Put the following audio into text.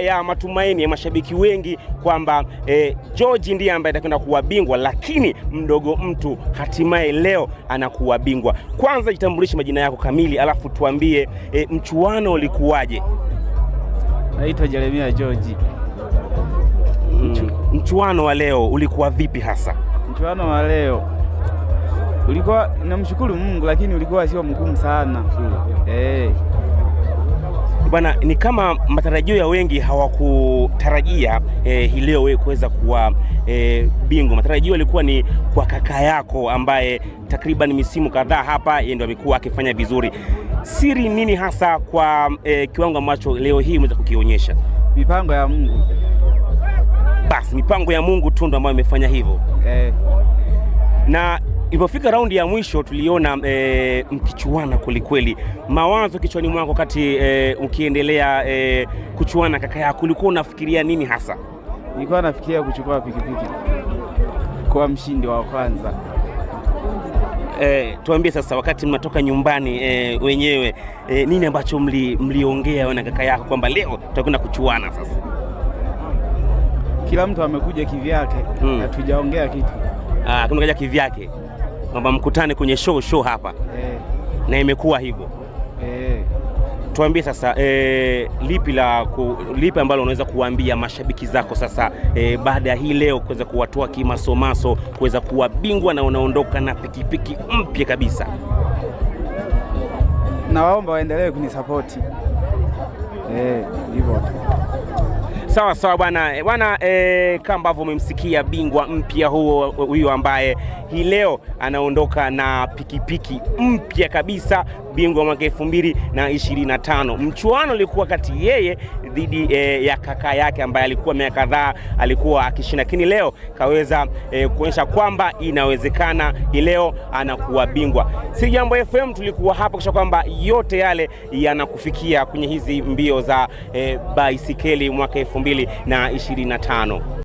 ya matumaini ya mashabiki wengi kwamba e, George ndiye ambaye atakwenda kuwa bingwa, lakini mdogo mtu hatimaye leo anakuwa bingwa. Kwanza jitambulishe majina yako kamili, alafu tuambie e, mchuano ulikuwaje? Naitwa Jeremia George. Mm, mchuano wa leo ulikuwa vipi hasa? Mchuano wa leo ulikuwa, namshukuru Mungu, lakini ulikuwa sio mgumu sana. Hmm. Hey. Eh, bwana, ni kama matarajio ya wengi hawakutarajia eh, hii leo wewe kuweza kuwa eh, bingwa. Matarajio yalikuwa ni kwa kaka yako ambaye takriban misimu kadhaa hapa yeye ndio amekuwa akifanya vizuri. Siri nini hasa kwa eh, kiwango ambacho leo hii umeweza kukionyesha? Mipango ya Mungu. Basi mipango ya Mungu tu ndio ambayo imefanya hivyo eh. na ilipofika raundi ya mwisho tuliona e, mkichuana kwelikweli. Mawazo kichwani mwako kati e, eh, ukiendelea e, kuchuana kaka yako, ulikuwa unafikiria nini hasa? Nilikuwa nafikiria kuchukua pikipiki kwa mshindi wa kwanza. E, tuambie sasa, wakati mnatoka nyumbani e, wenyewe e, nini ambacho mliongea mli na kaka yako kwamba leo tutakwenda kuchuana? Sasa kila mtu amekuja kivyake, hmm. hatujaongea hmm, kitu ah, kumekaja kivyake kwamba mkutane kwenye show show hapa eh, na imekuwa hivyo eh. Tuambie sasa e, lipi la ku, lipi ambalo unaweza kuwaambia mashabiki zako sasa e, baada ya hii leo kuweza kuwatoa kimasomaso kuweza kuwa bingwa na unaondoka na pikipiki mpya kabisa, nawaomba waendelee kunisapoti. Sawa sawa bwana eh, bwana, e, kama ambavyo umemsikia bingwa mpya huo huyo ambaye hii leo anaondoka na pikipiki mpya kabisa bingwa mwaka tano. Mchuano ulikuwa kati yeye dhidi e, ya kaka yake ambaye alikuwa miaka kadhaa alikuwa akishinda, lakini leo kaweza e, kuonyesha kwamba inawezekana. Leo anakuwa bingwa. Si Jambo FM tulikuwa hapa kisha kwamba yote yale yanakufikia kwenye hizi mbio za e, baisikeli mwaka 2025.